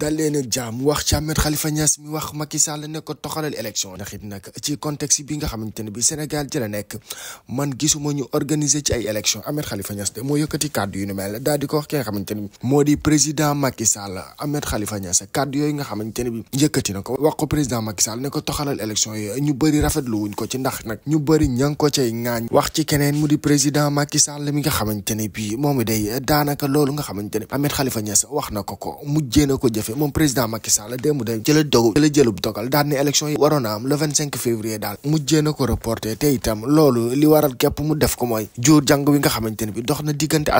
dal leen ak jàmm wax ci Ahmed Khalifa Niass mi wax Macky Sall ne ko toxalal élection ndax it nag ci contexte bi nga xamante ne bi Sénégal ci la nekk man gisuma ñu organiser ci ay élection Ahmed Khalifa Niass de moo yëkkati kàddu yu nu mel daal di ko wax ki nga xamante ne bi moo di président Macky Sall Ahmed Khalifa Niass kàddu yooyu nga xamante ne bi yëkkati na ko wax ko président Macky Sall ne ko toxalal élection yooyu ñu bëri rafetlu wuñ ko ci ndax nag ñu bëri ña ngi ko cay wax ci keneen mu di président Macky Sall mi nga xamante ne bi moom day daanaka loolu nga xamante ne Ahmed Khalifa Niass wax na ko ko mujjee na ko jëfe fi moom président Macky Sall démb day jëla dogal yi waroon a am le bi dox na diggante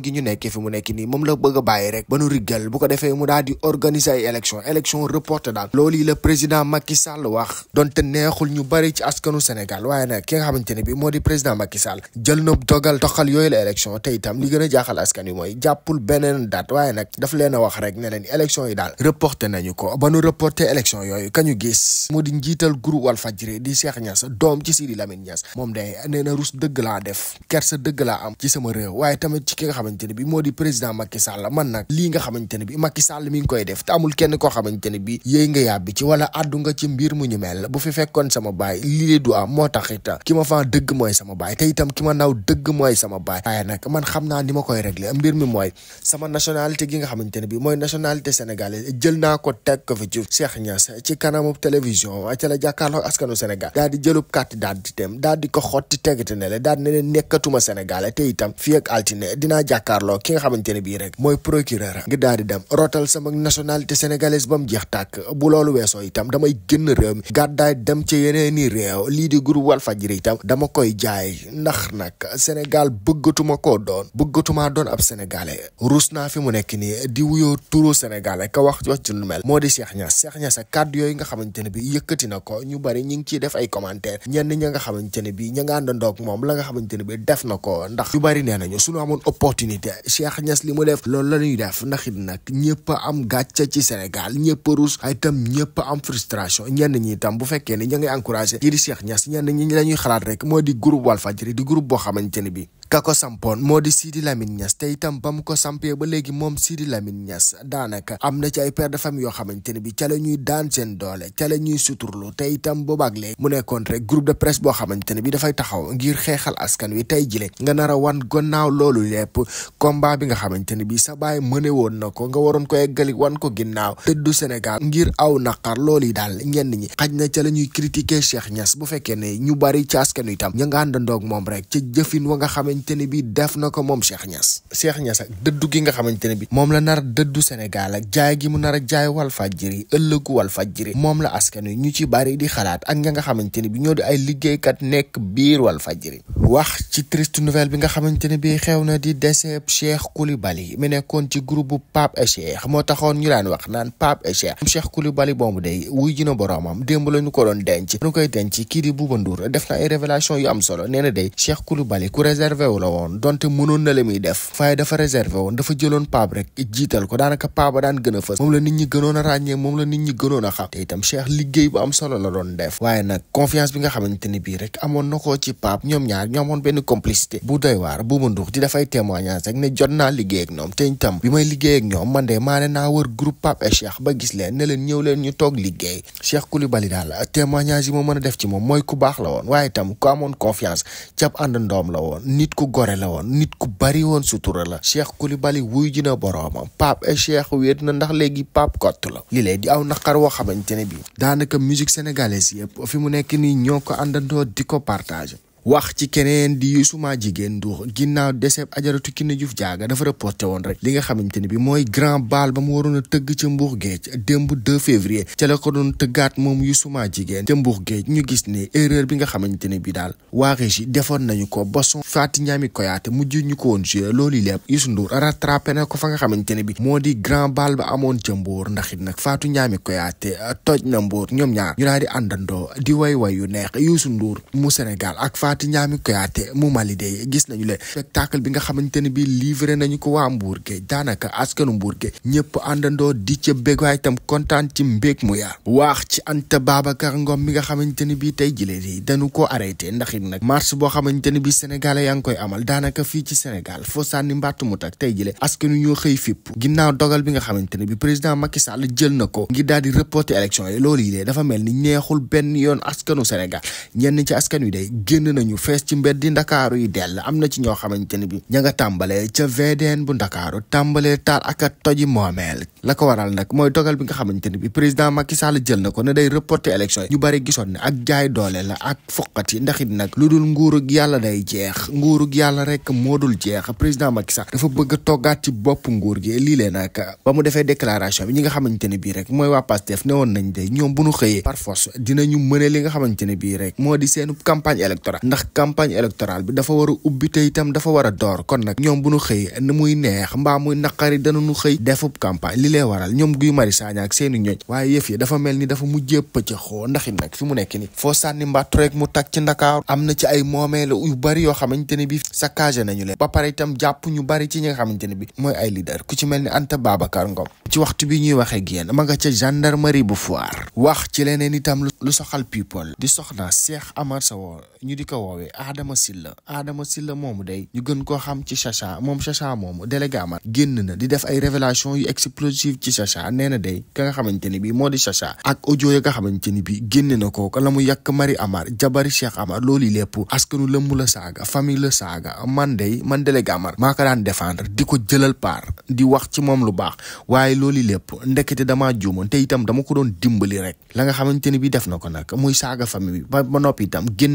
gi ñu nekkee fi mu nekk nii moom la bëgg a bàyyi rek ba nu riggal bu ko defee mu daal di organiser ay élection élection reporté daal ki nga xamante ne bi moo di président doxal yooyu la élection te itam li gën a jaaxal askan mooy jàppul beneen date waaye nag daf leen a wax rek ne leen élection yi daal reporté nañu ko ba nu reporté élection yooyu ka ñu gis mu di njiital groupe Walfadjri di Cheikh Niass doom ci Sidi Lamine Niass moom day nee na rus dëgg laa def kersa dëgg laa am ci sama réew waaye tamit ci ki nga xamante ne bi moo di président Macky Sall man nag lii nga xamante ne bi Macky Sall mi ngi koy def te amul kenn koo xamante ne bi yéey nga yàbbi ci wala àddu nga ci mbir mu ñu mel bu fi fekkoon sama baay lii du am moo tax it ki ma faa dëgg mooy sama baay te itam ki ma naw dëgg mooy sama baay waaye nag man xam naa ni ma koy régler mbir mi mooy sama nationalité gi nga xamante ne bii mooy nationalité sénégalaise jël na ko teg ko fi ci Cheikh Niass ci kanamu télévision ca la jàkkaarloo askanu Sénégal daal di jëlub carte d'identité daal di ko xotti tegate ne la daal di ne leen nekkatuma Sénégalais te itam altine dinaa jàkkaarloo ki nga xamante ne bii rek mooy procureur ngi daal di dem rotal sama nationalité sénégalaise ba mu jeex tàkk bulool loolu weesoo itam damay génn réew mi gàddaay dem ca yeneeni réew lii di groupe Walfadjri itam dama koy jaay ndax nag Sénégal buggatuma ko doon bëggatuma doon ab sénégalais rus naa fi mu nekk nii di wuyoo turu Sénégal ak wax wax ci lu mel moo di Cheikh Niass Cheikh Niass ak kàddu yooyu nga xamante ne bi yëkkati na ko ñu bari ñu ngi ciy ay commentaire ñenn ña nga xamante ne bi ña nga àndandoo moom la nga xamante ne bi def na ko ndax ñu bari nee nañu suñu amoon opportunité Cheikh Niass li mu def loolu la ñuy def ndax it nag ñëpp am gàcce ci Sénégal ñëpp rus ay tam ñëpp am frustration ñenn ñi itam bu fekkee ni ña ngay encouragé kii di Cheikh Niass ñenn ñi la ñuy xalaat rek moo di groupe Walfadjri di groupe boo xamante ne bi ka ko sampoon moo di Sidi Lamine Niass te itam ba mu ko sampee ba léegi moom Sidi Lamine Niass daanaka am na ci ay père de famille yoo xamante ne bi ca la ñuy daan seen doole ca la ñuy suturlu te itam boobaak léegi mu nekkoon rek groupe de presse boo xamante ne bi dafay taxaw ngir xeexal askan wi tey jile nga nar a wan gannaaw loolu lépp combat bi nga xamante ne bi sa baay mëne woon na ko nga waroon ko eggali wan ko ginnaaw tëddu Sénégal ngir aw naqar loolu yi daal ñenn ñi xaj na ca la ñuy critiquer Cheikh Niass bu fekkee ne ñu bari ci askan wi itam ña nga moom xamante ne bi def na ko moom Cheikh Niass Cheikh Niass ak dëddu gi nga xamante ne bi moom la nar a dëddu Sénégal ak jaay gi mu nar a jaay Walfadjri ëllëgu wal Walfadjri moom la askan wi ñu ci bari di xalaat ak ña nga xamante ne bi ñoo di ay liggéey kat nekk biir wal Walfadjri wax ci triste nouvelle bi nga xamante ne bi xew na di décès Cheikh Koulibaly mi nekkoon ci groupe bu Pape et Cheikh moo taxoon ñu daan wax naan Pape et Cheikh Cheikh Koulibaly boobu day wuy ji na boroomam demb la ñu ko doon den ñu koy kii di Bouba def na ay révélation yu am solo nee na xew la woon waaye ko daanaka paaba daan gën a fës moom la nit ñi gënoon a ràññee moom la xam te nag confiance bi nga xamante ni bii rek amoon na ko ci paab ñoom ñaar ñoo amoon benn complicité bu doy waar bu ma ndux di dafay témoignage rek ne jot naa liggéey ak ñoom te itam bi may liggéey ak ñoom man de maa ne naa wër groupe paab et ba gis leen ne leen ñëw ñu toog liggéey Cheikh Koulibaly daal témoignage yi ma mën a def ci moom mooy ku baax la woon waaye itam ku amoon confiance ci ab àndandoom la woon nit ku gore la woon nit ku bari woon sutura la Cheikh Koulibaly wuy ji na boroomam Pape et Cheikh wéet na ndax léegi Pape kott la li lee di aw naqar woo xamante ne bi daanaka musique sénégalaise yëpp fi mu nekk nii ñoo ko àndandoo di ko partage wax ci keneen di Youssouma jigéen Ndour ginnaaw décès ajaratu Kiné Diouf Diaga dafa reporté woon rek li nga xamante ni bi mooy grand bal ba mu waroon a tëgg ca Mbour Géej démb 2 février ca la ko doon tëggaat moom Youssouma jigéen ca Mbour Géej ñu gis ne erreur bi nga xamante ne bi daal waa régie defoon nañu ko ba son Faty Ñaami Koyaate mujj ñu ko woon joué loolu lépp Youssou Ndour rattrapé na ko fa nga xamante ne bi moo di grand bal ba amoon ca Mbour ndax it nag Faty Ñaami Koyaate toj na Mbour ñoom ñaar ñu daal di àndandoo di way way yu neex Youssou Ndour mu Sénégal ak Fati Ñaami Koyaate mu Mali de gis nañu le spectacle bi nga xamante ne bii livré nañu ko waa Mbour ge daanaka askanu Mbour ge ñëpp àndandoo di ca bég waaye itam kontaan ci mbég mu yaa waax ci Anta Babacar Ngom mi nga xamante ne bii tey jilee di danu ko arrêté ndax it nag marche boo xamante ne bii sénégalais yaa ngi koy amal daanaka fii ci Sénégal foo sànni mbàttu mu tak tey jëlee askanu ñoo xëy fipp ginnaaw dogal bi nga xamante ne bii président Macky Sall jël na ko ngir daal di reporter élection yi loolu yi dafa mel ni neexul benn yoon askanu Sénégal ñenn ci askan wi day nañu fees ci mbeddi ndakaaru yi dell am bi ña nga tàmbalee ca VDN bu ndakaaru tàmbalee taal ak a toji moomeel la ko waral nag mooy dogal ñu bari gisoon ak jaay doole la ak fuqat yi nag lu dul nguurug yàlla day jeex nguurug yàlla rek moo dul jeex président Macky Sall bëgg a toggaat ci bopp nguur gi lii nag ba mu defee déclaration bi ñi nga xamante ne bii rek mooy waa Pastef ne woon nañ de ñoom bu ñu xëyee par force dinañu mëne li nga xamante ne bii rek moo di seenu campagne électorale ndax campagne électorale bi dafa war a itam dafa war a door kon nag ñoom bu nu xëy ni muy neex mbaa muy naqari dana nu xëy defub campagne li lay waral ñoom Guy Marius Sagna ak seeni ñooñ waaye yëf yi dafa ni dafa mujjee pëcc xoo ndax it nag fi mu nekk ni foo sànni mbàtt rek mu tag ci Ndakaaru am na ay moomeela yu bari yoo xamante ne bi saccagé nañu leen ba pare itam jàpp ñu bari ci ñi nga xamante ne bi mooy ay leader ku ci mel ni Anta Babacar Ngom ci waxtu bi ñuy waxee ak yéen ma nga ca gendarmerie bu Foire wax ci leneen itam lu soxal people di soxna Cheikh Amar Sawo ñu di ko woowee Adama Sylla Adama Sylla moomu day ñu gën koo xam ci Chacha moom Chacha na di def ay révélation yu explosive ci Chacha nee na day ka nga xamante ni moo di Chacha ak audio ya nga xamante ni bii génn na ko la mu yàq Marie Amar jabari Cheikh Amar loolu lépp askanu lëmb la saaga man day man délégué Amar maa ko daan défendre di ko jëlal paar wax ci moom lu baax waaye loolu lépp la nga xamante ni bii def na ko nag muy saaga famille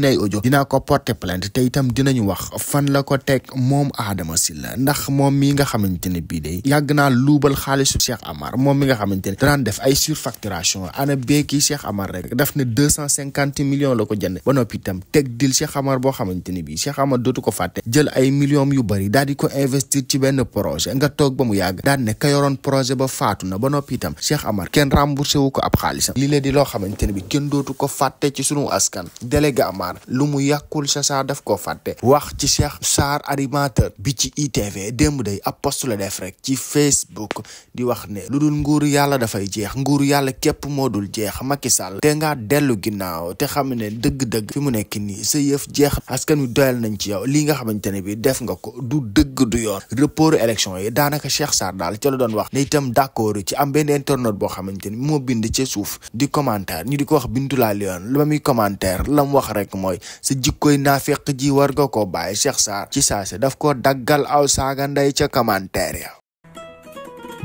ay audio dinaa ko ko porter plainte te itam ñu wax fan la ko teg moom Adama la ndax moom mi nga xamante ne bii de yàgg naa luubal xaalisu Cheikh Amar moom mi nga xamante ne daan def ay surfacturation ana beeki Cheikh Amar rek daf ne deux cent cinquante millions la ko jënd ba noppi tam teg dil Cheikh amaar boo xamante ne bii Cheikh Amar dootu ko fàtte jël ay millions yu bëri daal di ko investir ci benn projet nga toog ba mu yàgg daan ne ka yoroon projet ba faatu na ba noppi itam Cheikh Amar kenn remboursé wu ko ab xaalisam lii la di loo xamante ne bi kenn dootu ko fàtte ci sunu askan délégué Amar lu mu yàq yàqul sa saar daf koo fàtte wax ci Cheikh Sarr animateur bi ci ITV démb day ab post la def rek ci Facebook di wax ne lu dul nguur yàlla dafay jeex nguur yàlla képp moo dul jeex Macky Sall te ngaa dellu ginnaaw te xam ne dëgg-dëgg fi mu nekk nii sa yëf jeex askan wi doyal nañ ci yow lii nga xamante ne bi def nga ko du dëgg du yoon report élection yi daanaka Cheikh Sarr daal ca la doon wax ne itam d'accord ci am benn internaute boo xamante ni moo bind ci suuf di commentaire ñu di ko wax Bintoula Lyon lu ma muy la mu wax rek mooy jikkoy naafeq ji war nga ko bàyyi Cheikh Sarr ci saa si daf ko daggal aw saaga ndey ca commentaire ya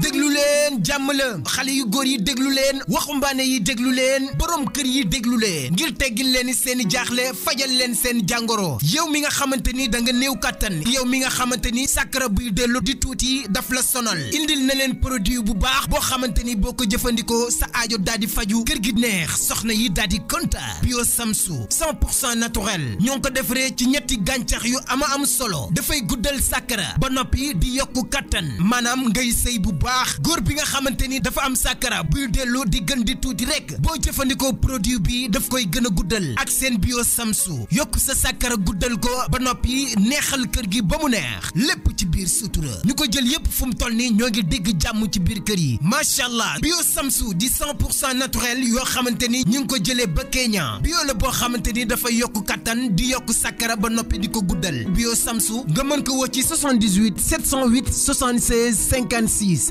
déglu leen jàmm la xale yu góor yi déglu leen waxumbaane yi déglu leen borom kër yi déglu leen ngir teggil leen seeni jaaxle fajal leen seen jàngoro yow mi nga xamante ni da nga néew kàttan yow mi nga xamante ni sàkkara buy dellu di tuuti daf la sonal indil na leen produit bu baax boo xamante ni boo ko jëfandikoo sa aajo daal di faju kër gi neex soxna yi daal di konta bio samsu 100 pour cent naturel ñoo ngi ko defaree ci ñetti gàncax yu ama am solo dafay guddal sàkkara ba noppi di yokku kàttan maanaam ngay sëy baax góor bi nga xamante ni dafa am sàkkara buy dellu di gën di tuuti rek boo jëfandikoo produit bi daf koy gën a guddal ak seen bio samsu yokk sa sàkkara guddal ko ba noppi neexal kër gi ba mu neex lépp ci biir sutura ñu ko jël yépp fu mu toll ni ñoo ngi dégg jàmm ci biir kër yi macha allah bio samsu di 100 pour cent naturel yoo xamante ni ñu ngi ko jëlee ba Kenya bio la boo xamante ni dafa yokk kattan di yokk sàkkara ba noppi di ko guddal bio samsu nga mën ko woo ci 78 708 76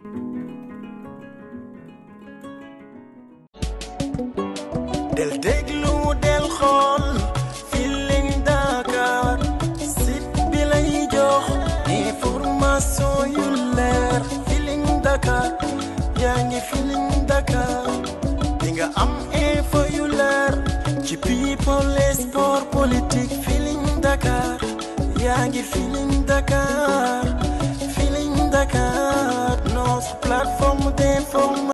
del déglu del xool Feeling Dakar site bi lay jox information yu leer nga am info yu leer ci people sport politique Feeling Dakar yaa ngi Feeling Dakar Feeling Dakar notre plateforme d'information